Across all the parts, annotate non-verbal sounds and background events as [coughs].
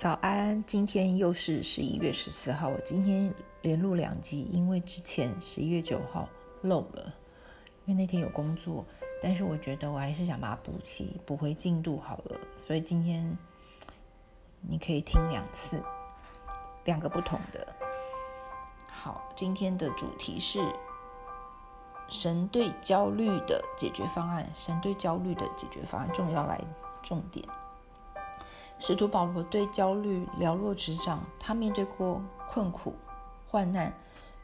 早安，今天又是十一月十四號。我今天連錄兩集，因為之前十一月九號漏了，因為那天有工作。但是我覺得我還是想把它補齊，補回進度好了。所以今天你可以聽兩次，兩個不同的。好，今天的主題是神對焦慮的解決方案。神對焦慮的解決方案，重要來重點。使徒保羅對焦慮瞭如指掌。他面對過困苦、患難、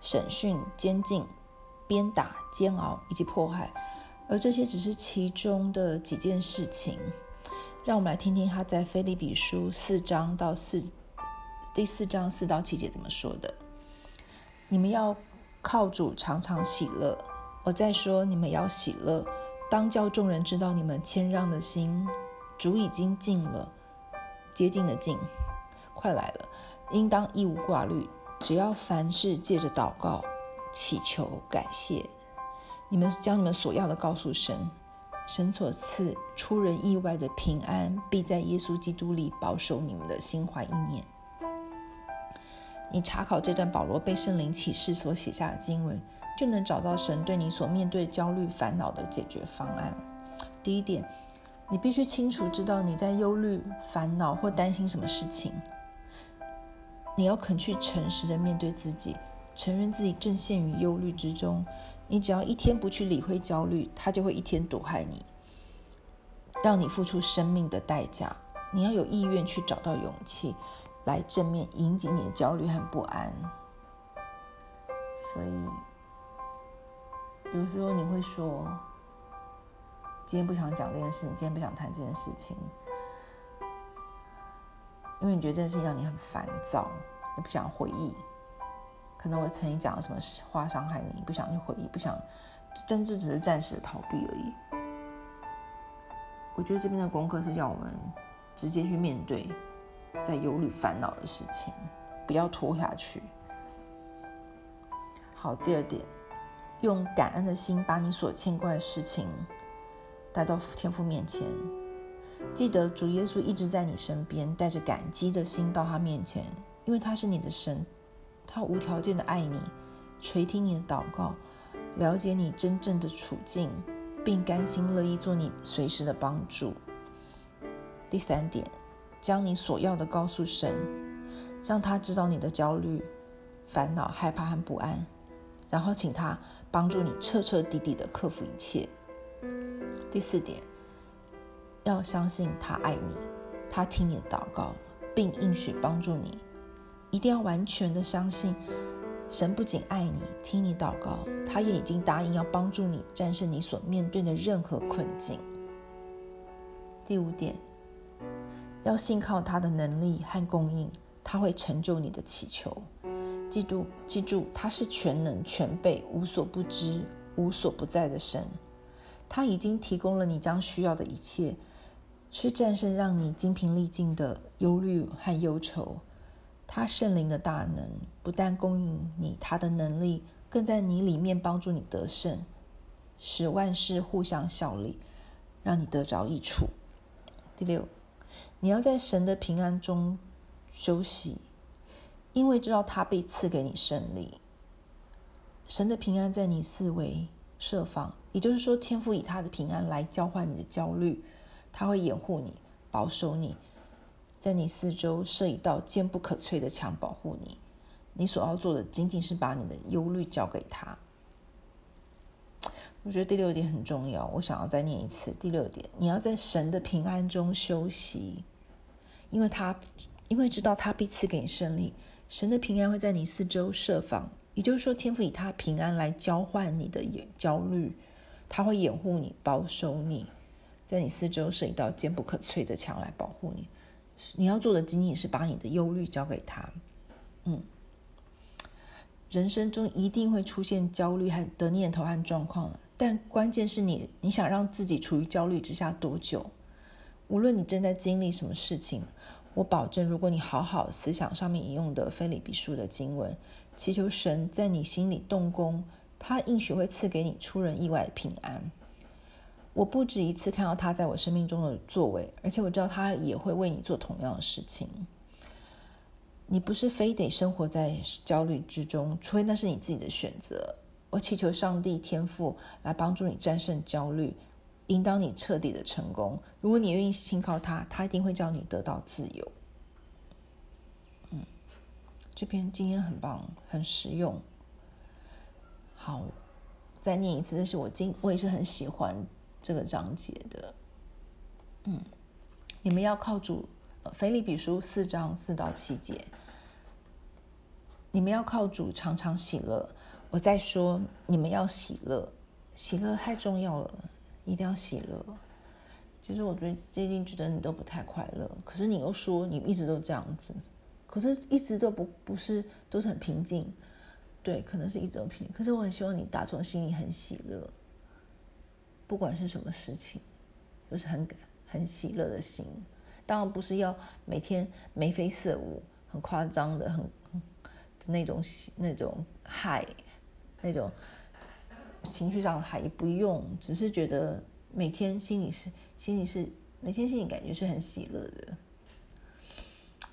審訊、監禁、鞭打、煎熬以及迫害，而這些只是其中的幾件事情。讓我們來聽聽他在《腓立比書》四章到四第四章四到七節怎麼說的：“你們要靠主常常喜樂。我再說，你們要喜樂。當叫眾人知道你們謙讓的心。主已經近了。”接近的近，快來了。應當一無掛慮，只要凡事借着禱告、祈求、感謝，你們將你們所要的告訴神，神所賜出人意外的平安，必在耶穌基督裡保守你們的心懷意念。你查考這段保羅被聖靈啟示所寫下的經文，就能找到神對你所面對焦慮煩惱的解決方案。第一點。你必須清楚知道你在憂慮、煩惱或擔心什麼事情。你要肯去誠實的面對自己，承認自己正陷於憂慮之中。你只要一天不去理會焦慮，它就會一天毒害你，讓你付出生命的代價。你要有意願去找到勇氣，來正面迎擊你的焦慮和不安。所以，有時候你會說。今天不想講這件事情，今天不想談這件事情，因為你覺得這件事情讓你很煩躁，你不想回憶。可能我曾經講了什麼話傷害你，不想去回憶，不想，甚至只是暫時逃避而已。我覺得這邊的功課是要我們直接去面對，在憂慮煩惱的事情，不要拖下去。好，第二點，用感恩的心把你所牽掛的事情。來到天父面前，記得主耶穌一直在你身邊，帶着感激的心到他面前，因為他是你的神，他無條件的愛你，垂聽你的禱告，了解你真正的處境，並甘心樂意做你隨時的幫助。第三點，將你所要的告訴神，讓他知道你的焦慮、煩惱、害怕和不安，然後請他幫助你徹徹底底的克服一切。第四點，要相信他愛你，他聽你的禱告，並應許幫助你。一定要完全的相信，神不僅愛你，聽你禱告，他也已經答應要幫助你戰勝你所面對的任何困境。第五點，要信靠他的能力和供應，他會成就你的祈求。記住，記住，他是全能、全備、無所不知、無所不在的神。他已經提供了你將需要的一切，去戰勝讓你精疲力盡的憂慮和憂愁。他聖靈的大能不但供應你他的能力，更在你裡面幫助你得勝，使萬事互相效力，讓你得着益處。第六，你要在神的平安中休息，因為知道他必賜給你勝利。神的平安在你四圍設防，也就是說，天父以他的平安來交換你的焦慮，他會掩護你，保守你，在你四周設一道堅不可摧的牆保護你。你所要做的，僅僅是把你的憂慮交給他。我覺得第六點很重要，我想要再念一次。第六點，你要在神的平安中休息，因為他，因為知道他必賜給你勝利。神的平安會在你四周設防。也就是說，天父以他平安來交換你的焦慮，他會掩護你、保守你，在你四周設一道堅不可摧的牆來保護你。你要做的僅僅是把你的憂慮交給他。嗯，人生中一定會出現焦慮和的念頭和狀況，但關鍵是你你想讓自己處於焦慮之下多久？無論你正在經歷什麼事情。我保證，如果你好好思想上面引用的《腓立比書》的經文，祈求神在你心裡動工，他應許會賜給你出人意外的平安。我不止一次看到他在我生命中的作為，而且我知道他也會為你做同樣的事情。你不是非得生活在焦慮之中，除非那是你自己的選擇。我祈求上帝天父來幫助你戰勝焦慮。引導你徹底的成功。如果你願意信靠他，他一定會叫你得到自由。嗯，這篇經驗很棒，很實用。好，再念一次，這是我我也是很喜歡這個章節的。嗯，你們要靠主。腓立比書四章四到七節，你們要靠主常常喜樂。我再說，你們要喜樂，喜樂太重要了。一定要喜樂，其實我最最近覺得你都不太快樂，可是你又說你一直都這樣子，可是一直都不不是都是很平靜，對，可能是一種平靜。可是我很希望你打從心裡很喜樂，不管是什麼事情，就是很很喜樂的心。當然不是要每天眉飛色舞、很誇張的、很，很那種喜那種嗨那種，情緒上還不用，只是覺得每天心裡是心裡是每天心裡感覺是很喜樂的。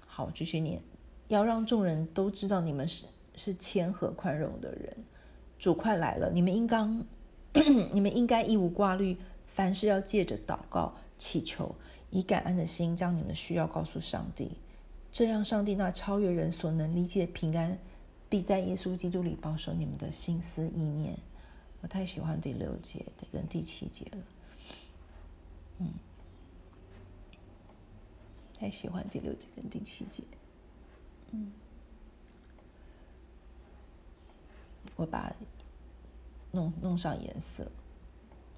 好，繼續念，要讓眾人都知道你們是是謙和寬容的人。主快來了，你們應當 [coughs] 你們應該一無掛慮，凡事要借着禱告祈求，以感恩的心將你們需要告訴上帝，這樣上帝那超越人所能理解的平安，必在耶穌基督裡保守你們的心思意念。我太喜歡第六節跟第七節了，嗯，太喜歡第六節跟第七節，嗯，我把弄弄上顏色。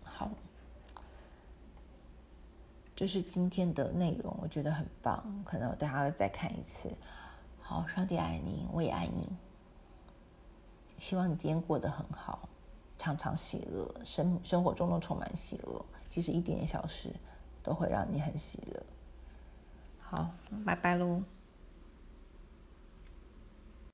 好，這是今天的內容，我覺得很棒，可能我等下會再看一次。好，上帝愛你，我也愛你，希望你今天過得很好。常常喜樂，生生活中都充滿喜樂，其實一點點小事，都會讓你很喜樂。好，拜拜嘍。